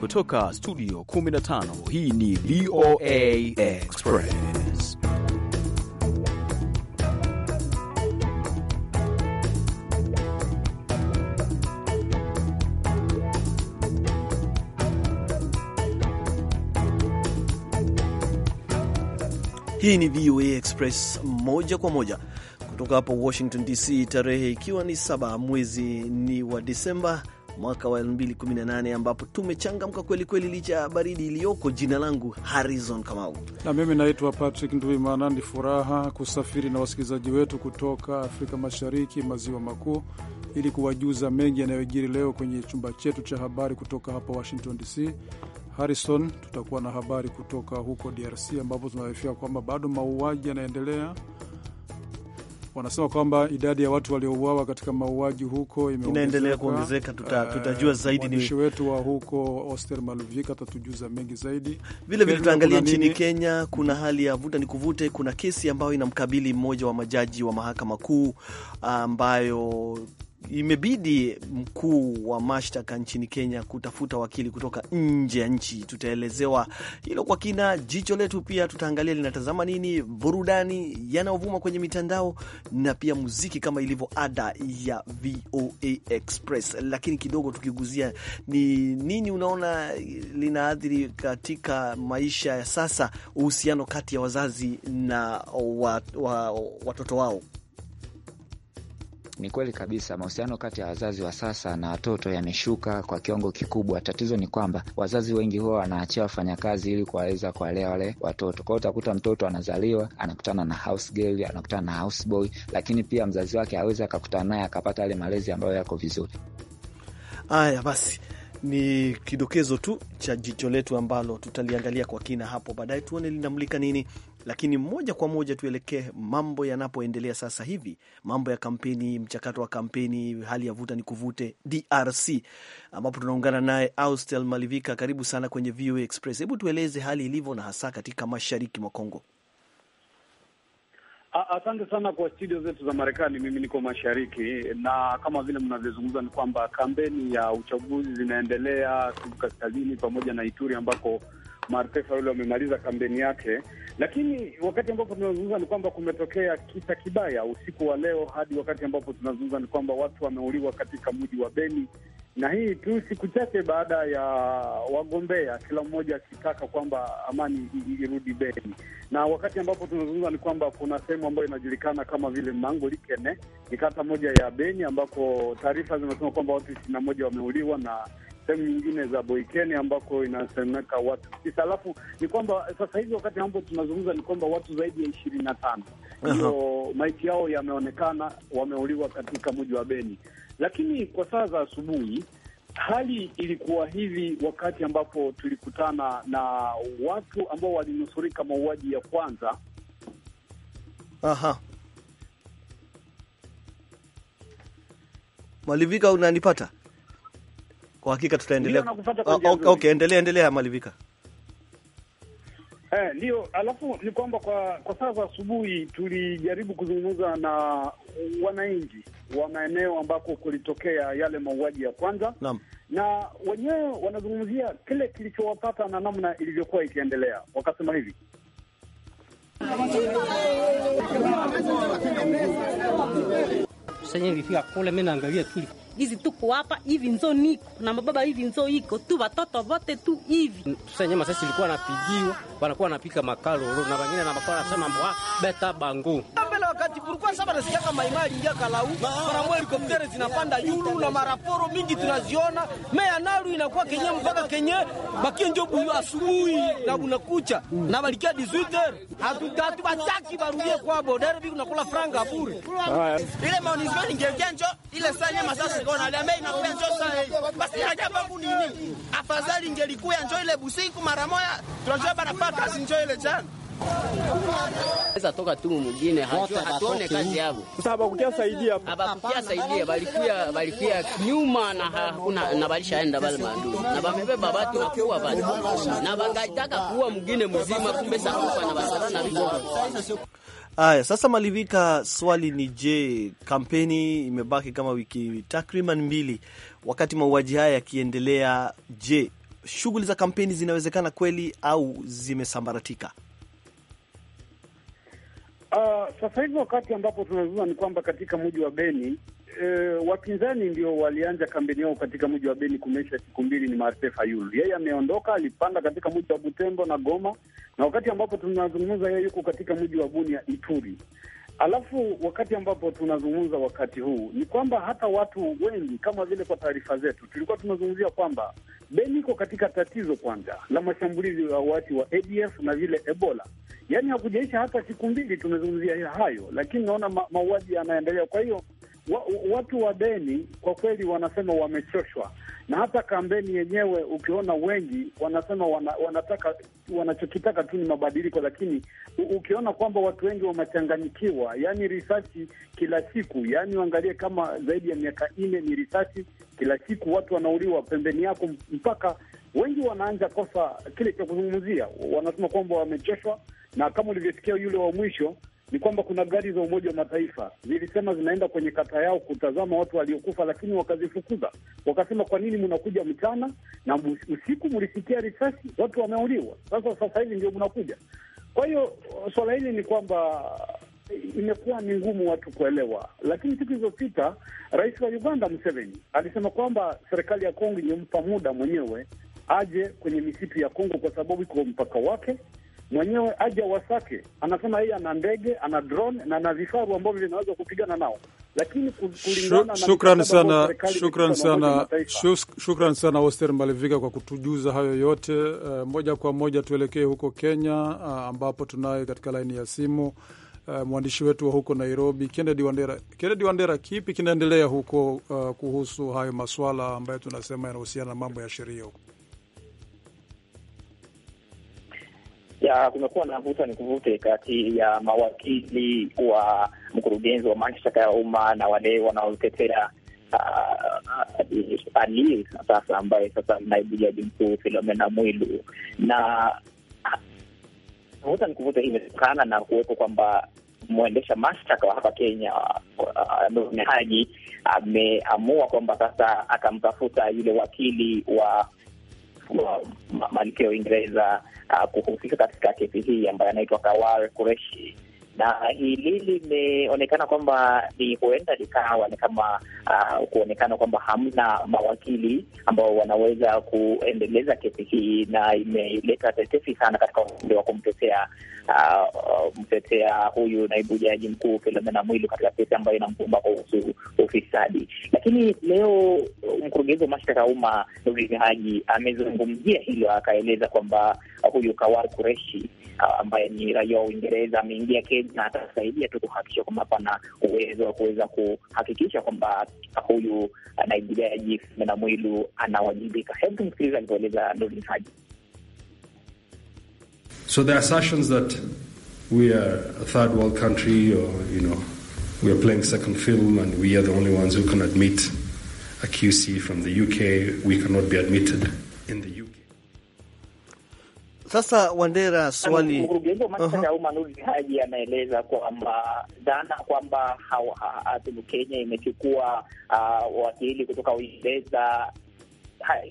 Kutoka studio 15 hii ni VOA Express. Hii ni VOA Express moja kwa moja kutoka hapo Washington DC, tarehe ikiwa ni saba, mwezi ni wa Disemba mwaka wa 2018 ambapo tumechangamka kwelikweli licha ya baridi iliyoko. Jina langu Harrison Kamau na mimi naitwa Patrick Nduimana. Ni furaha kusafiri na wasikilizaji wetu kutoka Afrika Mashariki, Maziwa Makuu, ili kuwajuza mengi yanayojiri leo kwenye chumba chetu cha habari kutoka hapa Washington DC. Harrison, tutakuwa na habari kutoka huko DRC ambapo tunaarifia kwamba bado mauaji yanaendelea wanasema kwamba idadi ya watu waliouawa katika mauaji huko inaendelea kuongezeka. Tuta, eh, tutajua zaidi mwandishi wetu wa huko Oster Maluvika atatujuza mengi zaidi. Vile vile tutaangalia nchini Kenya kuna hali ya vuta ni kuvute. Kuna kesi ambayo inamkabili mmoja wa majaji wa mahakama kuu ambayo imebidi mkuu wa mashtaka nchini Kenya kutafuta wakili kutoka nje ya nchi. Tutaelezewa hilo kwa kina. Jicho letu pia tutaangalia linatazama nini, burudani yanayovuma kwenye mitandao na pia muziki kama ilivyo ada ya VOA Express. Lakini kidogo tukiguzia ni nini unaona linaathiri katika maisha ya sasa, uhusiano kati ya wazazi na wa, wa, watoto wao. Ni kweli kabisa, mahusiano kati ya wazazi wa sasa na watoto yameshuka kwa kiwango kikubwa. Tatizo ni kwamba wazazi wengi huwa wanaachia wafanyakazi ili kuwaweza kuwalea wale watoto. Kwa hiyo utakuta mtoto anazaliwa anakutana na house girl, anakutana na house boy, lakini pia mzazi wake awezi akakutana naye akapata yale malezi ambayo yako vizuri. Haya basi ni kidokezo tu cha jicho letu ambalo tutaliangalia kwa kina hapo baadaye, tuone linamulika nini lakini moja kwa moja tuelekee mambo yanapoendelea sasa hivi, mambo ya kampeni, mchakato wa kampeni, hali ya vuta ni kuvute DRC, ambapo tunaungana naye Austel Malivika. Karibu sana kwenye VOA Express. Hebu tueleze hali ilivyo na hasa katika mashariki mwa Kongo. Asante sana kwa studio zetu za Marekani. Mimi niko mashariki, na kama vile mnavyozungumza ni kwamba kampeni ya uchaguzi zinaendelea Kivu Kaskazini pamoja na Ituri ambako Marpesa yule wamemaliza kampeni yake, lakini wakati ambapo tunazungumza ni kwamba kumetokea kisa kibaya usiku wa leo, hadi wakati ambapo tunazungumza ni kwamba watu wameuliwa katika mji wa Beni, na hii tu siku chache baada ya wagombea kila mmoja akitaka kwamba amani irudi Beni. Na wakati ambapo tunazungumza ni kwamba kuna sehemu ambayo inajulikana kama vile Mango Likene, ni kata moja ya Beni ambako taarifa zinasema kwamba watu ishirini na moja wameuliwa na sehemu nyingine za Boikeni ambako inasemeka watu tisa. Alafu ni kwamba sasa hivi wakati ambapo tunazungumza ni kwamba watu zaidi ya ishirini na tano ndiyo maiti yao yameonekana wameuliwa katika mji wa Beni, lakini kwa saa za asubuhi hali ilikuwa hivi wakati ambapo tulikutana na watu ambao walinusurika mauaji ya kwanza. Aha. Malivika, unanipata? Kwa hakika tutaendelea. Ah, okay, endelea endelea Malivika. Eh, ndio. Alafu ni kwamba kwa kwa sasa asubuhi tulijaribu kuzungumza na wananchi wa maeneo ambako kulitokea yale mauaji ya kwanza. Naam. Na wenyewe wanazungumzia kile kilichowapata na namna ilivyokuwa ikiendelea. Wakasema hivi. Sasa hivi kule mimi naangalia tu izi tuko hapa hivi nzo niko na mababa hivi nzo iko tu watoto vote tu hivi nyama sasa ilikuwa napigiwa wanakuwa napika makalo na wengine na makala sana mbwa beta bangu wakati kulikuwa saba nasikiaka maimai ingia Kalau, mara moja helikoptere zinapanda yulu na maraporo mingi tunaziona mea naru inakuwa kenye mpaka kenye bakie njobu asubuhi na unakucha na balikia 18h hatutatu bataki barudie kwa kwabo derbi unakula franga bure ile maonizio ningevya njo ile saa nyama sasa sikona lame inakuwa njo saa basi haja bangu nini afadhali ingelikuwa njo ile busiku mara moja tunajua bana paka njo ile jana sasa toka tu mwingine hatuone kazi yao. Sasa habakukia saidia hapo. Habakukia saidia balikuya balikuya nyuma na hakuna na balisha enda bali mandu. Na bamebeba watu na kuwa bali. Na bangaitaka kuwa mwingine mzima kumbe sasa na basara na vitu. Aya, sasa malivika, swali ni je, kampeni imebaki kama wiki takriban mbili wakati mauaji haya yakiendelea, je, shughuli za kampeni zinawezekana kweli au zimesambaratika? Uh, sasa hivi wakati ambapo tunazungumza ni kwamba katika mji wa Beni e, wapinzani ndio walianza kampeni yao katika mji wa Beni. Kumeisha siku mbili, ni Martin Fayulu, yeye ameondoka, alipanda katika mji wa Butembo na Goma, na wakati ambapo tunazungumza yeye yuko katika mji wa Bunia, Ituri. Alafu wakati ambapo tunazungumza wakati huu ni kwamba hata watu wengi kama vile kwa taarifa zetu tulikuwa tunazungumzia kwamba Beni iko katika tatizo kwanza la mashambulizi ya wati wa ADF na vile Ebola, yaani hakujaisha hata siku mbili tumezungumzia hayo, lakini naona mauaji yanaendelea. Kwa hiyo wa, watu wa Beni kwa kweli wanasema wamechoshwa na hata kampeni yenyewe ukiona wengi wanasema wana, wanataka wanachokitaka tu ni mabadiliko, lakini ukiona kwamba watu wengi wamechanganyikiwa, yani risasi kila siku, yani uangalie kama zaidi ya miaka nne ni risasi kila siku, watu wanauliwa pembeni yako, mpaka wengi wanaanza kosa kile cha kuzungumzia, wanasema kwamba wamechoshwa, na kama ulivyosikia yule wa mwisho ni kwamba kuna gari za Umoja wa Mataifa zilisema zinaenda kwenye kata yao kutazama watu waliokufa, lakini wakazifukuza, wakasema kwa nini mnakuja mchana na usiku? Mlisikia risasi, watu wameuliwa. Sasa sasa hivi ndio mnakuja. Kwa hiyo swala hili ni kwamba imekuwa ni ngumu watu kuelewa, lakini siku ilizopita rais wa Uganda Museveni alisema kwamba serikali ya Kongo imempa muda mwenyewe aje kwenye misitu ya Kongo kwa sababu iko mpaka wake mwenyewe aja Wasake anasema yeye ana ndege ana drone na ana vifaru ambavyo vinaweza kupigana nao, lakini kulingana shukran sana, shukran sana, shukran sana Oster Malivika kwa kutujuza hayo yote. Uh, moja kwa moja tuelekee huko Kenya, uh, ambapo tunaye katika laini ya simu uh, mwandishi wetu wa huko Nairobi Kennedy Wandera. Kennedy Wandera, kipi kinaendelea huko uh, kuhusu hayo maswala ambayo tunasema yanahusiana na mambo ya sheria huko? ya kumekuwa na vuta ni kuvute kati ya mawakili wa mkurugenzi wa mashtaka ya umma na wale wanaotetea ah, ah, Ali sasa ambaye sasa naibu jaji mkuu Filomena Mwilu na vuta ni hii imetokana na kuwepo kwamba mwendesha mashtaka wa hapa Kenya ah, Haji ameamua kwamba sasa atamtafuta yule wakili wa wa malkia wa Uingereza uh, ah, kuhusika katika kesi hii ambayo anaitwa Kawar Kureshi na hili limeonekana kwamba ni huenda likawa ni kama uh, kuonekana kwamba hamna mawakili ambao wanaweza kuendeleza kesi hii, na imeleta tetesi sana katika upande wa kumtetea uh, mtetea huyu naibu jaji mkuu Philomena Mwilu katika kesi ambayo inamkumba kuhusu ufisadi. Lakini leo mkurugenzi wa mashtaka ya umma Noordin Haji amezungumzia hilo, akaeleza kwamba huyu Kawar Kureshi Ah, ambaye ni raia wa Uingereza ameingia Kenya na atasaidia tu kuhakikisha kwamba pana uwezo wa kuweza kuhakikisha kwamba huyu ah, naigiaji Philomena Mwilu anawajibika. Hebu tumsikiliza alivyoeleza Noordin Haji. So assertions that we are a third world country or you know we are playing second film and we are the only ones who can admit a QC from the UK. We cannot be admitted in the UK. Sasa Wandera, swali mkurugenzi wa mashtaka ya umma Noordin Haji anaeleza kwamba dhana kwamba hatimu Kenya imechukua uh, wakili kutoka Uingereza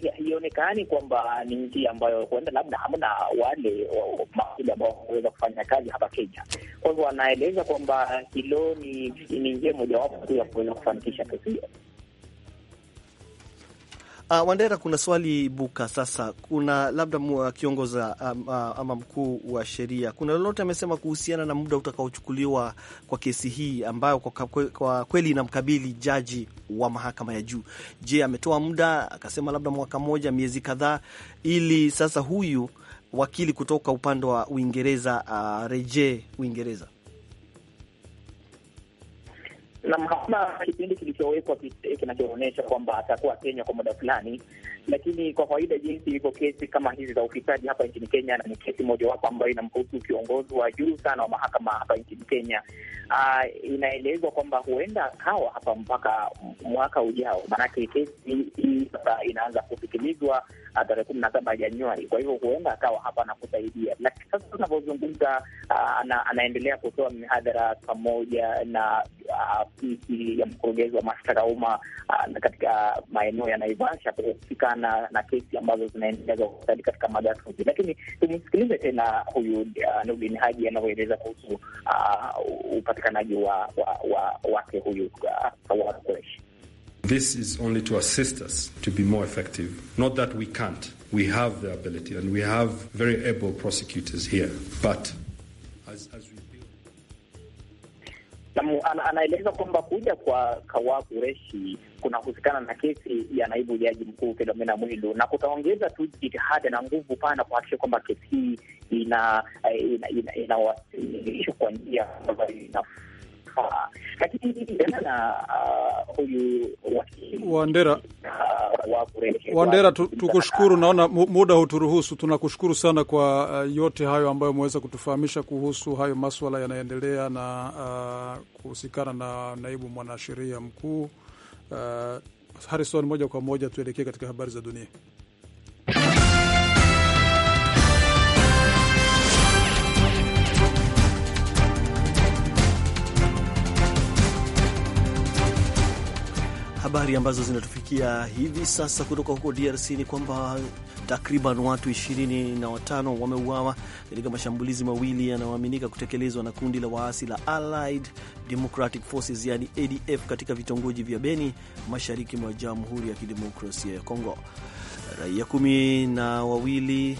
haionekani kwamba ni nchi ambayo huenda labda hamna wale mawakili ambao wanaweza kufanya kazi hapa Kenya. Kwa hivyo anaeleza kwamba hilo ni njia mojawapo tu ya kuweza kufanikisha kesi hiyo. Uh, Wandera, kuna swali buka sasa. Kuna labda ah, kiongoza ama, ah, ama mkuu wa sheria, kuna lolote amesema kuhusiana na muda utakaochukuliwa kwa kesi hii ambayo kwa, kwa, kwa kweli inamkabili jaji wa mahakama ya juu? Je, ametoa muda akasema labda mwaka mmoja, miezi kadhaa, ili sasa huyu wakili kutoka upande wa Uingereza arejee uh, Uingereza? na hakuna kipindi kilichowekwa kinachoonyesha kwamba atakuwa Kenya kwa muda fulani, lakini kwa kawaida jinsi ilivyo kesi kama hizi za ufisadi hapa nchini Kenya, na ni kesi mojawapo ambayo inamhusu kiongozi wa juu sana wa mahakama hapa nchini Kenya. Uh, inaelezwa kwamba huenda akawa hapa mpaka mwaka ujao, maanake kesi hii sasa inaanza kusikilizwa Ah, tarehe kumi na saba Januari. Kwa hivyo huenda akawa hapa anakusaidia, lakini sasa tunavyozungumza, ah, ana, anaendelea kutoa mihadhara pamoja na afisi ah, ya mkurugenzi wa mashtaka umma katika maeneo ya Naivasha kuhusikana na kesi ambazo zinaendelea za katika magatuzi. Lakini tumsikilize tena huyu Nurdin Haji anavyoeleza kuhusu upatikanaji wa wake huyu Fawad Qureshi. This is only to assist us to be more effective. Not that we can't. We have the ability and we have very able prosecutors here. But as, as we anaeleza kwamba kuja kwa Kawaku Reshi kunahusikana na kesi ya naibu jaji mkuu Philomena Mwilu na kutaongeza tu jitihada na nguvu pana kuhakikisha kwamba kesi hii inawasilishwa kwa njia ambayo ina Uh, Wandera uh, Wandera, tukushukuru. Naona muda huturuhusu, tunakushukuru sana kwa uh, yote hayo ambayo umeweza kutufahamisha kuhusu hayo maswala yanayoendelea na uh, kuhusikana na naibu mwanasheria mkuu uh, Harrison. Moja kwa moja tuelekee katika habari za dunia. Habari ambazo zinatufikia hivi sasa kutoka huko DRC ni kwamba takriban watu 25 wameuawa katika mashambulizi mawili yanayoaminika kutekelezwa na kundi la waasi la Allied Democratic Forces yani ADF katika vitongoji vya Beni mashariki mwa Jamhuri ya Kidemokrasia ya Kongo. Raia kumi na wawili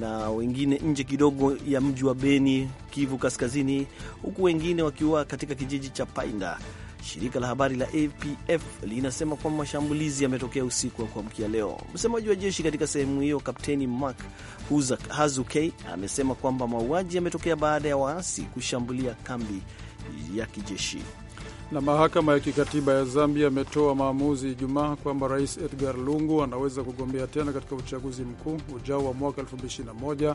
na wengine nje kidogo ya mji wa Beni, Kivu Kaskazini, huku wengine wakiwa katika kijiji cha Painda Shirika la habari la APF linasema kwamba mashambulizi yametokea usiku wa kuamkia leo. Msemaji wa jeshi katika sehemu hiyo, Kapteni Mark Hazuke, amesema kwamba mauaji yametokea baada ya waasi kushambulia kambi ya kijeshi. Na mahakama ya kikatiba ya Zambia ametoa maamuzi Ijumaa kwamba rais Edgar Lungu anaweza kugombea tena katika uchaguzi mkuu ujao wa mwaka 2021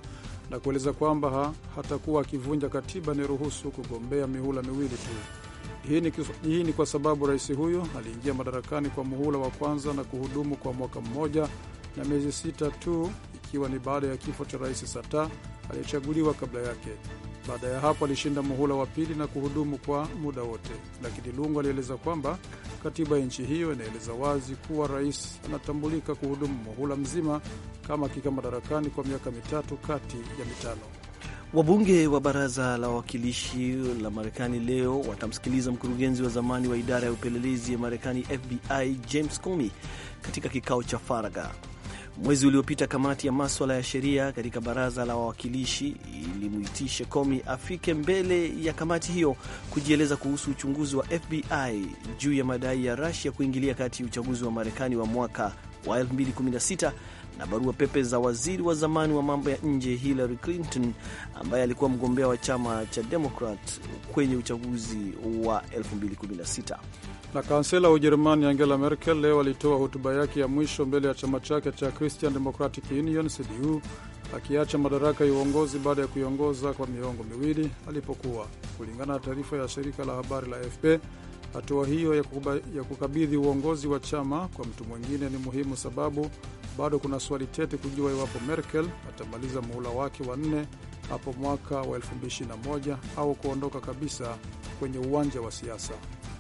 na kueleza kwamba hatakuwa akivunja katiba, ni ruhusu kugombea mihula miwili tu. Hii ni, hii ni kwa sababu rais huyo aliingia madarakani kwa muhula wa kwanza na kuhudumu kwa mwaka mmoja na miezi sita tu, ikiwa ni baada ya kifo cha rais Sata aliyechaguliwa kabla yake. Baada ya hapo alishinda muhula wa pili na kuhudumu kwa muda wote, lakini Lungu alieleza kwamba katiba ya nchi hiyo inaeleza wazi kuwa rais anatambulika kuhudumu muhula mzima kama akikaa madarakani kwa miaka mitatu kati ya mitano. Wabunge wa baraza la wawakilishi la Marekani leo watamsikiliza mkurugenzi wa zamani wa idara ya upelelezi ya Marekani FBI James Comey katika kikao cha faragha. Mwezi uliopita kamati ya maswala ya sheria katika baraza la wawakilishi ilimwitisha Comey afike mbele ya kamati hiyo kujieleza kuhusu uchunguzi wa FBI juu ya madai ya rasia kuingilia kati ya uchaguzi wa Marekani wa mwaka wa 2016 na barua pepe za waziri wa zamani wa mambo ya nje Hillary Clinton ambaye alikuwa mgombea wa chama cha Demokrat kwenye uchaguzi wa 2016. Na kansela wa Ujerumani Angela Merkel leo alitoa hotuba yake ya mwisho mbele ya chama chake cha Christian Democratic Union CDU akiacha madaraka ya uongozi baada ya kuiongoza kwa miongo miwili alipokuwa, kulingana na taarifa ya shirika la habari la AFP. Hatua hiyo ya, ya kukabidhi uongozi wa chama kwa mtu mwingine ni muhimu, sababu bado kuna swali tete kujua iwapo Merkel atamaliza muhula wake wa nne hapo mwaka wa 2021 au kuondoka kabisa kwenye uwanja wa siasa.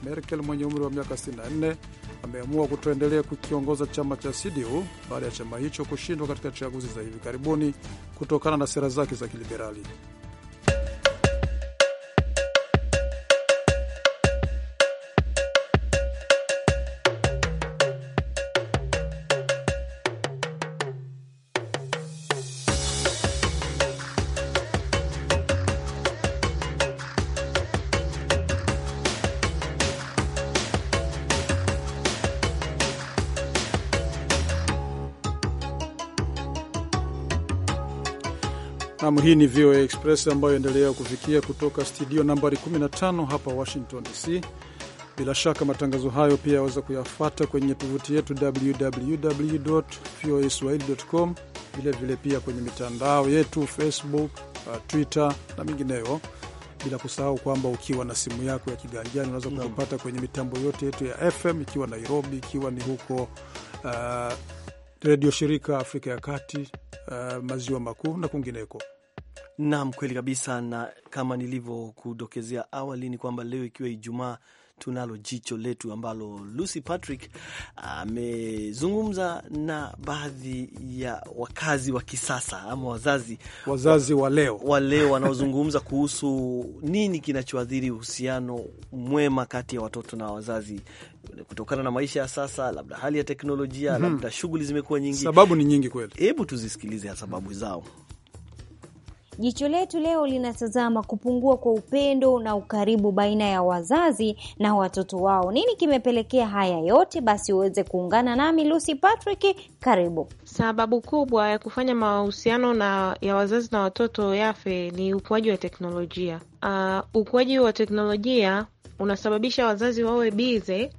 Merkel mwenye umri wa miaka 64 ameamua kutoendelea kukiongoza chama cha CDU baada ya chama hicho kushindwa katika chaguzi za hivi karibuni kutokana na sera zake za kiliberali. Nam, hii ni VOA Express ambayo endelea kufikia kutoka studio nambari 15 hapa Washington DC. Bila shaka matangazo hayo pia yaweza kuyafata kwenye tovuti yetu www voa swahili.com, vilevile pia kwenye mitandao yetu Facebook, uh, Twitter na mingineyo, bila kusahau kwamba ukiwa na simu yako ya kiganjani unaweza kuyapata kwenye mitambo yote yetu ya FM, ikiwa Nairobi, ikiwa ni huko uh, redio shirika Afrika ya Kati, uh, maziwa makuu na kwingineko. Naam, kweli kabisa, na kama nilivyokudokezea awali ni kwamba leo ikiwa Ijumaa tunalo jicho letu ambalo Lucy Patrick amezungumza na baadhi ya wakazi wa kisasa ama wazazi wazazi wa leo wa leo wanaozungumza kuhusu nini kinachoathiri uhusiano mwema kati ya watoto na wazazi kutokana na maisha ya sasa, labda hali ya teknolojia, mhm. labda shughuli zimekuwa nyingi. Sababu ni nyingi kweli, hebu tuzisikilize sababu zao. Jicho letu leo linatazama kupungua kwa upendo na ukaribu baina ya wazazi na watoto wao. Nini kimepelekea haya yote? Basi uweze kuungana nami Lucy Patrick, karibu. Sababu kubwa ya kufanya mahusiano na ya wazazi na watoto yafe ni ukuaji wa teknolojia. Uh, ukuaji wa teknolojia unasababisha wazazi wawe bize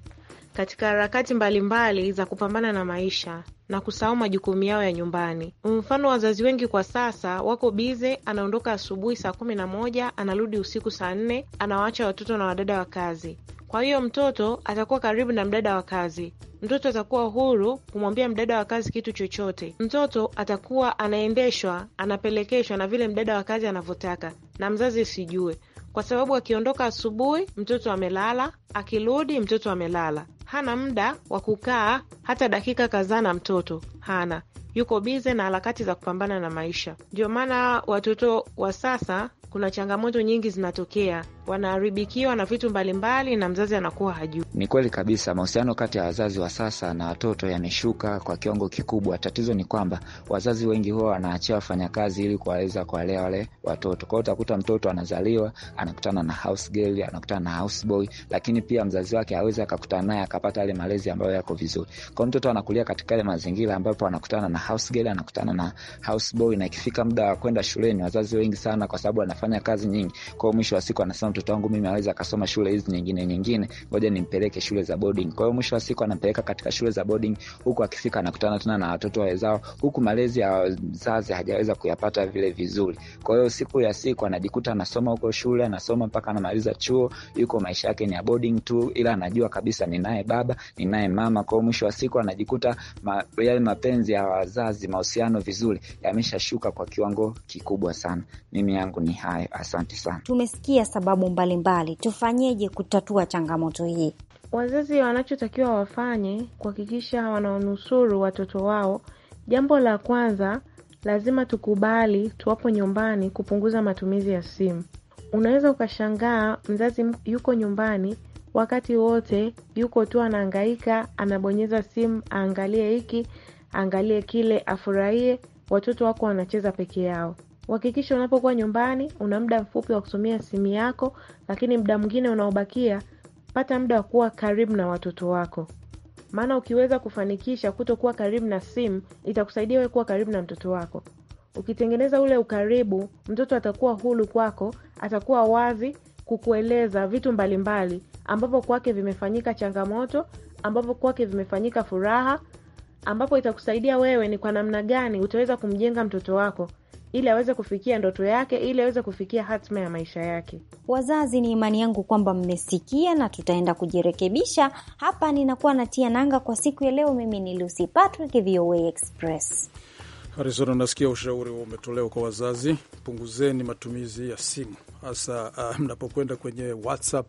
katika harakati mbalimbali za kupambana na maisha na kusahau majukumu yao ya nyumbani. Mfano, wazazi wengi kwa sasa wako bize, anaondoka asubuhi saa kumi na moja anarudi usiku saa nne, anawaacha watoto na wadada wa kazi. Kwa hiyo mtoto atakuwa karibu na mdada wa kazi. Mtoto atakuwa huru kumwambia mdada wa kazi kitu chochote. Mtoto atakuwa anaendeshwa, anapelekeshwa na vile mdada wa kazi anavyotaka, na mzazi sijue, kwa sababu akiondoka asubuhi mtoto amelala, akirudi mtoto amelala hana muda wa kukaa hata dakika kadhaa na mtoto, hana yuko bize na harakati za kupambana na maisha. Ndio maana watoto wa sasa kuna changamoto nyingi zinatokea wanaharibikiwa na vitu mbalimbali na mzazi anakuwa hajui. Ni kweli kabisa, mahusiano kati ya wazazi wa sasa na watoto yameshuka kwa kiwango kikubwa. Tatizo ni kwamba wazazi wengi huwa wanaachia wafanyakazi ili kuwaweza kuwalea wale watoto. Kwa hiyo utakuta mtoto anazaliwa, anakutana na house girl, anakutana na house boy, lakini pia mzazi wake awezi akakutana naye akapata yale malezi ambayo yako vizuri. Kwa hiyo mtoto anakulia katika yale mazingira ambapo anakutana na house girl, anakutana na house boy, na ikifika muda wa kwenda shuleni, wazazi wengi sana, kwa sababu anafanya kazi nyingi, kwa hiyo mwisho wa siku anasema mtoto wangu mimi aweze akasoma shule hizi nyingine nyingine, ngoja nimpeleke shule za boarding. Kwa hiyo mwisho wa siku anampeleka katika shule za boarding, huku akifika anakutana tena na watoto wawezao, huku malezi ya wazazi hajaweza kuyapata vile vizuri. Kwa hiyo siku ya siku anajikuta anasoma huko shule, anasoma mpaka anamaliza chuo, yuko maisha yake ni ya boarding tu, ila anajua kabisa ninaye baba, ninaye mama. Kwa hiyo mwisho wa siku anajikuta ma, yale mapenzi ya wazazi, mahusiano vizuri yameshashuka kwa kiwango kikubwa sana. Mimi yangu ni hayo, asante sana. Tumesikia sababu mbalimbali, tufanyeje kutatua changamoto hii? Wazazi wanachotakiwa wafanye kuhakikisha wanaonusuru watoto wao, jambo la kwanza, lazima tukubali tuwapo nyumbani kupunguza matumizi ya simu. Unaweza ukashangaa mzazi yuko nyumbani wakati wote, yuko tu anaangaika anabonyeza simu, aangalie hiki, aangalie kile, afurahie, watoto wako wanacheza peke yao uhakikisha unapokuwa nyumbani una muda mfupi wa kutumia simu yako, lakini muda mwingine unaobakia pata muda wa kuwa karibu na watoto wako, maana ukiweza kufanikisha kutokuwa karibu na simu itakusaidia wewe kuwa karibu na mtoto wako. Ukitengeneza ule ukaribu, mtoto atakuwa huru kwako, atakuwa wazi kukueleza vitu mbalimbali ambapo kwake vimefanyika changamoto, ambapo kwake vimefanyika furaha, ambapo itakusaidia wewe ni kwa namna gani utaweza kumjenga mtoto wako ili aweze kufikia ndoto yake, ili aweze kufikia hatima ya maisha yake. Wazazi, ni imani yangu kwamba mmesikia na tutaenda kujirekebisha. Hapa ninakuwa natia nanga kwa siku ya leo. Mimi ni Lucy Patrick, VOA Express. harison nasikia ushauri umetolewa kwa wazazi, punguzeni matumizi ya simu hasa uh, mnapokwenda kwenye WhatsApp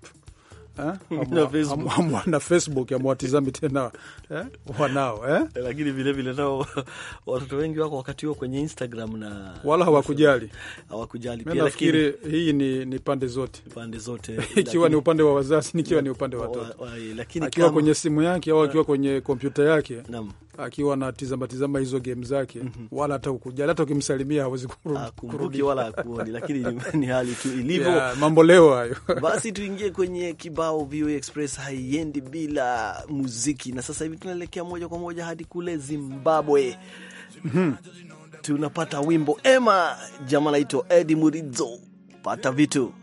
hamwana eh? Facebook, hamwatizami tena eh? wanao eh? eh lakini vilevile nao watoto wengi wako wakati huo kwenye Instagram na wala hawakujali, hawakujali pia. Nafikiri hii ni, ni pande zote, pande zote ikiwa ni upande wa wazazi, nikiwa ni upande wa watoto, akiwa kwenye simu yake au akiwa kwenye kompyuta yake nam akiwa anatizama tizama hizo game zake mm -hmm. wala hata ukujali, hata ukimsalimia hawezi kurudi wala akuoni, lakini ni hali tu ilivyo yeah, mambo leo hayo. Basi tuingie kwenye kibao. VOA e Express haiendi bila muziki, na sasa hivi tunaelekea moja kwa moja hadi kule Zimbabwe. mm -hmm. tunapata wimbo ema, jamaa naitwa edi murizo pata vitu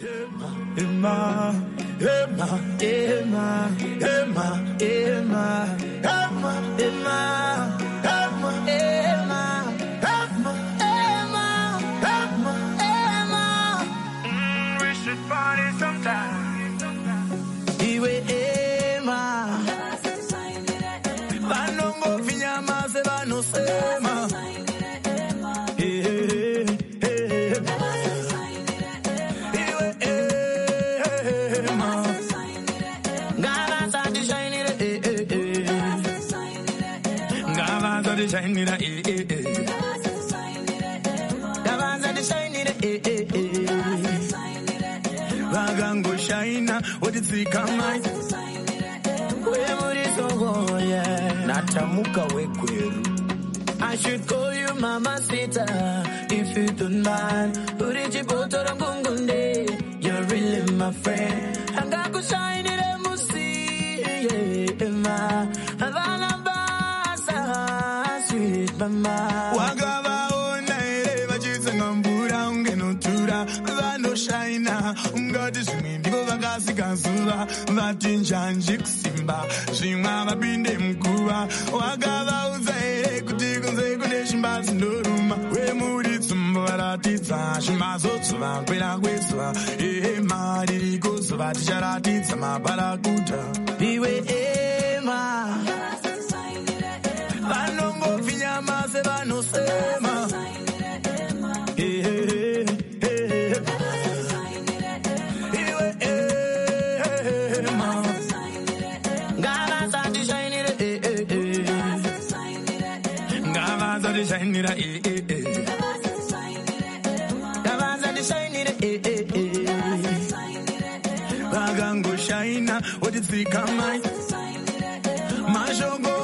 Emma, Emma, Emma, Emma, Emma, Emma, Emma, Emma, Emma, Emma, Emma. I, am I, am I, am I. Sometimes, he waited. natamuka wekweru. I should call you mama sita, if you don't mind. Uriji botorongungunde, you're really my friend. Hangaku shine it, emusi, yeah, yeah, kutama wangavaona here vachitsanga mbura ungenotura vanoshaina ungati zvimwe ndivo vakasika zuva vati njanji kusimba zvimwa vapinde muguva wangavaudza here kuti kunze kune shimbatsi ndoruma wemuri tsumbo varatidza zvimazotsuva kwera kwezuva ehe mari riko zuva ticharatidza mabarakuta iwe ema vanongofinyamaze vanosema ndishainira ee vakangoshaina votitsikamai mashoko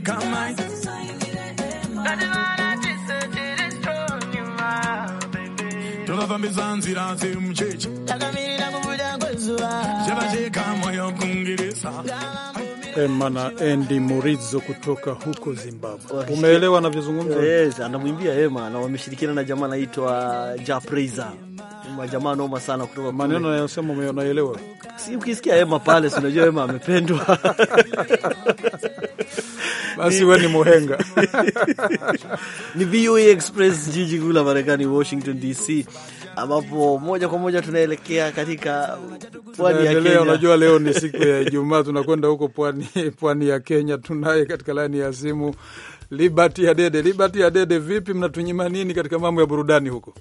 kazi nzira takamirira kwezuva na Murizo kutoka huko Zimbabwe. Umeelewa anavyozungumza? Yes, anamwimbia Emma na wameshirikiana na jamaa anaitwa Japreza majamaa noma sana kutoka maneno yanayosema unaelewa. Si ukisikia Ema pale unajua Ema amependwa. Basi wewe ni muhenga. Ni VOA e Express, jiji kuu la Marekani Washington DC, ambapo moja kwa moja tunaelekea katika pwani ya Kenya. Unajua leo ni siku ya Ijumaa, tunakwenda huko pwani pwani ya Kenya. Tunaye katika laini ya simu Liberty Adede. Liberty Adede, vipi, mnatunyima nini katika mambo ya burudani huko?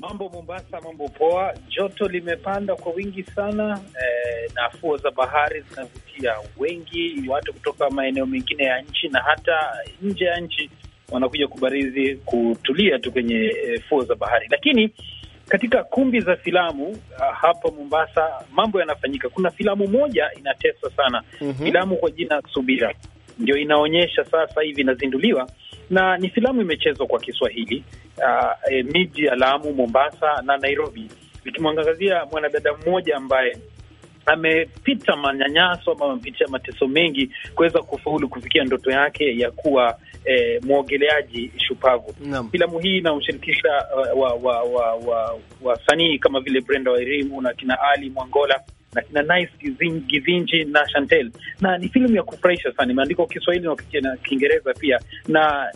Mambo Mombasa, mambo poa. Joto limepanda kwa wingi sana eh, na fuo za bahari zinavutia wengi, watu kutoka maeneo mengine ya nchi na hata nje ya nchi wanakuja kubarizi, kutulia tu kwenye eh, fuo za bahari. Lakini katika kumbi za filamu ah, hapa Mombasa mambo yanafanyika. Kuna filamu moja inateswa sana mm -hmm. Filamu kwa jina Subira ndio inaonyesha sasa hivi inazinduliwa na ni filamu imechezwa kwa Kiswahili uh, e, miji ya Lamu, Mombasa na Nairobi, ikimwangazia mwanadada mmoja ambaye amepita manyanyaso ama amepitia mateso mengi kuweza kufaulu kufikia ndoto yake ya kuwa e, mwogeleaji shupavu. Filamu hii inamshirikisha wasanii wa, wa, wa, wa, wa kama vile Brenda Wairimu na kina Ali Mwangola na kina Nice Gizinji na Chantel, na ni filmu ya kufurahisha sana, imeandikwa Kiswahili na Kiingereza pia, na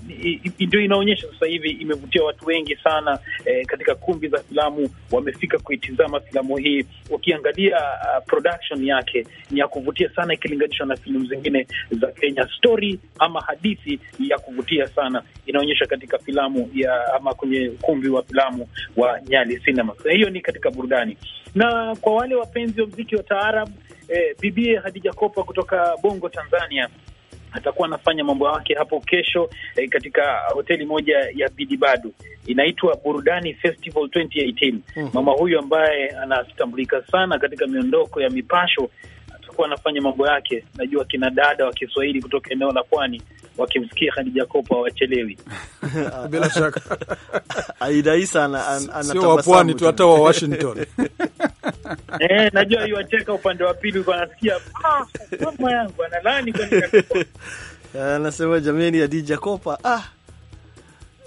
ndio inaonyesha sasa hivi imevutia watu wengi sana eh, katika kumbi za filamu wamefika kuitizama filamu hii. Ukiangalia uh, production yake ni ya kuvutia sana ikilinganishwa na filamu zingine za Kenya. Story ama hadithi ya kuvutia sana inaonyesha katika filamu ya ama kwenye ukumbi wa filamu wa Nyali Cinema. Hiyo ni katika burudani na kwa wale wapenzi wa mziki wa taarab eh, bibie Hadija Kopa kutoka Bongo, Tanzania atakuwa anafanya mambo yake hapo kesho eh, katika hoteli moja ya Bidibadu inaitwa Burudani Festival 2018. Mm -hmm. Mama huyu ambaye anatambulika sana katika miondoko ya mipasho atakuwa anafanya mambo yake, najua kina dada wa Kiswahili kutoka eneo la pwani wakimsikia Khadija Kopa hawachelewi bila shaka. Aida Isa anatabasamu, wa pwani tu, hata wa Washington. Eh, najua hiyo acheka upande wa pili, anasikia ah, mama yangu analani, kwani anasema jameni, Khadija Kopa ah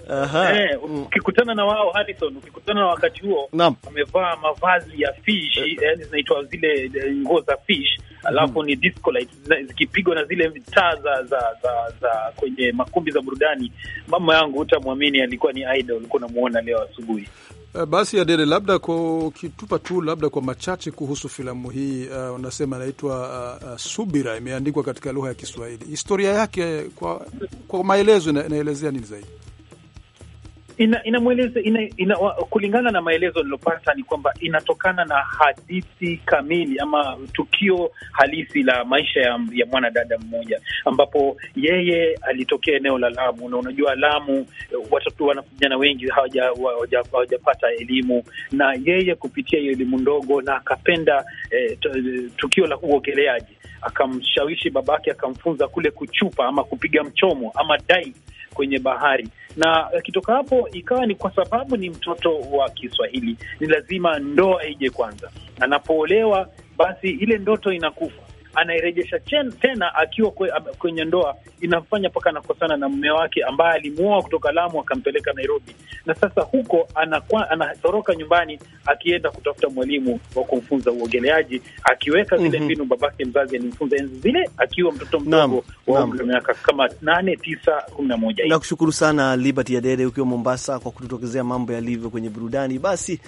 Eh, ukikutana na wao Harrison, ukikutana na wakati huo wamevaa mavazi ya fish, yani eh. eh, zinaitwa zile eh, nguo za fish, alafu mm-hmm. ni disco light zikipigwa na zile taa za, za za kwenye makumbi za burudani. Mama yangu utamwamini, alikuwa ni idol, ulikuwa unamuona leo asubuhi. Basi Adede, labda kwa kitupa tu labda kwa machache kuhusu filamu hii uh, unasema inaitwa uh, uh, Subira, imeandikwa katika lugha ya Kiswahili. Historia yake kwa, kwa maelezo inaelezea nini zaidi? ina, inamweleza ina, ina, kulingana na maelezo nilopata ni kwamba inatokana na hadithi kamili ama tukio halisi la maisha ya, ya mwanadada mmoja ambapo yeye alitokea eneo la Lamu, na unajua Lamu watoto wanavijana wengi hawajapata elimu, na yeye kupitia hiyo elimu ndogo na akapenda eh, tukio la uogeleaji, akamshawishi babake akamfunza kule kuchupa ama kupiga mchomo ama dai kwenye bahari, na eh, kitoka hapo ikawa ni kwa sababu ni mtoto wa Kiswahili, ni lazima ndoa ije kwanza. Anapoolewa basi ile ndoto inakufa anairejesha tena akiwa kwe, kwenye ndoa, inamfanya mpaka anakosana na mume wake ambaye alimuoa kutoka Lamu akampeleka Nairobi, na sasa huko anatoroka nyumbani akienda kutafuta mwalimu wa kumfunza uogeleaji, akiweka zile mhm. mbinu mm -hmm. Babake mzazi alimfunza enzi zile akiwa mtoto mdogo wa umri wa miaka kama nane, tisa, kumi na moja. Nakushukuru sana Liberty Adede ukiwa Mombasa kwa kututokezea mambo yalivyo kwenye burudani. Basi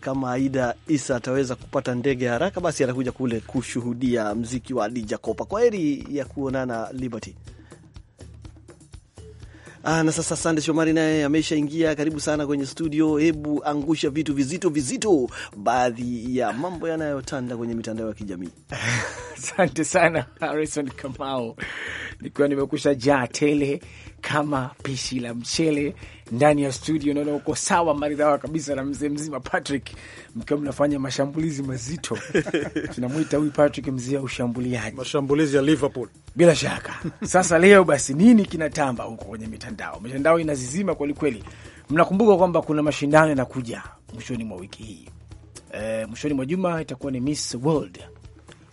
kama Aida Isa ataweza kupata ndege haraka, basi atakuja kule kushuhudia mziki wa Adija Kopa. Kwa heri ya kuonana Liberty. Ah, na sasa Sande Shomari naye ameshaingia. Karibu sana kwenye studio, hebu angusha vitu vizito vizito, baadhi ya mambo yanayotanda kwenye mitandao ya kijamii. Asante sana Harrison Kamau, nikiwa nimekusha jaa tele kama pishi la mchele ndani ya studio. Naona uko sawa maridhawa kabisa na mzee mzima Patrick, mkiwa mnafanya mashambulizi mazito tunamwita huyu Patrick mzee wa ushambuliaji, mashambulizi ya Liverpool bila shaka. Sasa leo basi, nini kinatamba huko kwenye mitandao? Mitandao inazizima kwelikweli. Mnakumbuka kwamba kuna mashindano yanakuja mwishoni mwa wiki hii e, mwishoni mwa juma itakuwa ni Miss World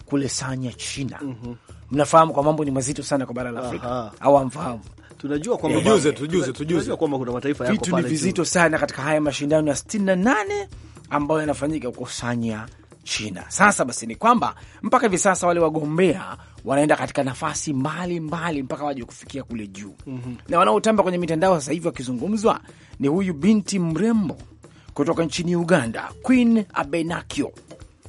kule Sanya, China. mm -hmm. Mnafahamu kwa mambo ni mazito sana kwa bara la Afrika au amfahamu tunajua kwamba tujuze, tujuze, tujuze kwamba kuna mataifa yako pale vizito sana katika haya mashindano ya 68 ambayo yanafanyika huko Sanya, China. Sasa basi ni kwamba mpaka hivi sasa wale wagombea wanaenda katika nafasi mbalimbali mbali, mpaka waje kufikia kule juu mm -hmm. na wanaotamba kwenye mitandao sasa hivi wakizungumzwa ni huyu binti mrembo kutoka nchini Uganda, Queen Abenakio.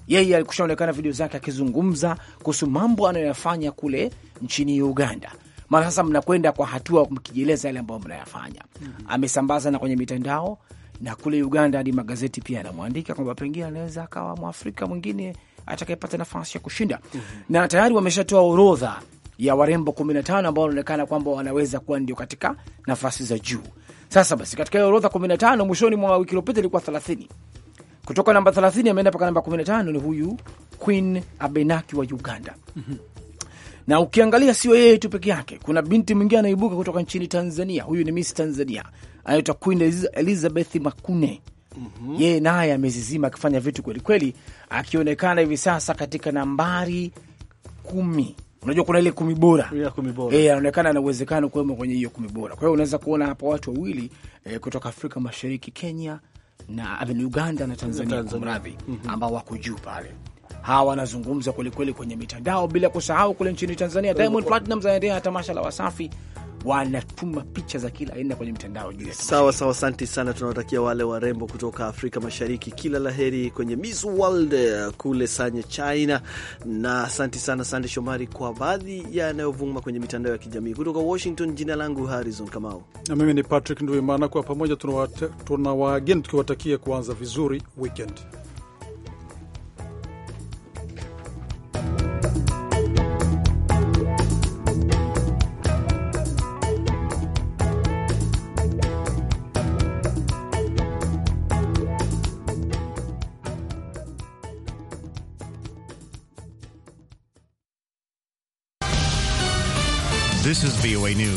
Yeye alikushaonekana video zake akizungumza kuhusu mambo anayoyafanya kule nchini Uganda maana sasa mnakwenda kwa hatua mkijieleza yale ambayo mnayafanya. mm -hmm. Amesambaza na kwenye mitandao na kule Uganda hadi magazeti pia yanamwandika kwamba pengine anaweza akawa mwafrika mwingine atakayepata nafasi ya kushinda. mm -hmm. na tayari wameshatoa orodha ya warembo 15 ambao wanaonekana kwamba wanaweza kuwa ndio katika nafasi za juu. Sasa basi katika hiyo orodha 15 mwishoni mwa wiki iliyopita ilikuwa 30. Kutoka namba 30 ameenda mpaka namba 15 ni huyu Queen Abenaki wa Uganda. mm -hmm na ukiangalia sio yeye tu peke yake, kuna binti mwingine anaibuka kutoka nchini Tanzania. Huyu ni Miss Tanzania anaitwa Queen Elizabeth Makune. Mm -hmm. Yeye naye amezizima akifanya vitu kwelikweli, akionekana hivi sasa katika nambari kumi. Unajua kuna ile kumi bora, yeah, anaonekana ana uwezekano kuwemo kwenye hiyo kumi bora. Kwa hiyo unaweza kuona hapa watu wawili eh, kutoka Afrika Mashariki, Kenya na Uganda na Tanzania, Tanzania. Mradhi mm -hmm. ambao wako juu pale hawa wanazungumza kwelikweli kwenye mitandao, bila kusahau kule nchini Tanzania Diamond Platnumz anaendelea na tamasha la Wasafi wanatuma picha za kila aina kwenye mitandao juu ya sawa sawa. Asante sana, tunawatakia wale warembo kutoka Afrika Mashariki kila laheri kwenye Miss World kule Sanya, China. Na asante sana Sande Shomari kwa baadhi yanayovuma kwenye mitandao ya kijamii kutoka Washington. Jina langu Harrison Kamau na mimi ni Patrick Nduimana, kwa pamoja tuna waageni tukiwatakia kuanza vizuri weekend. News.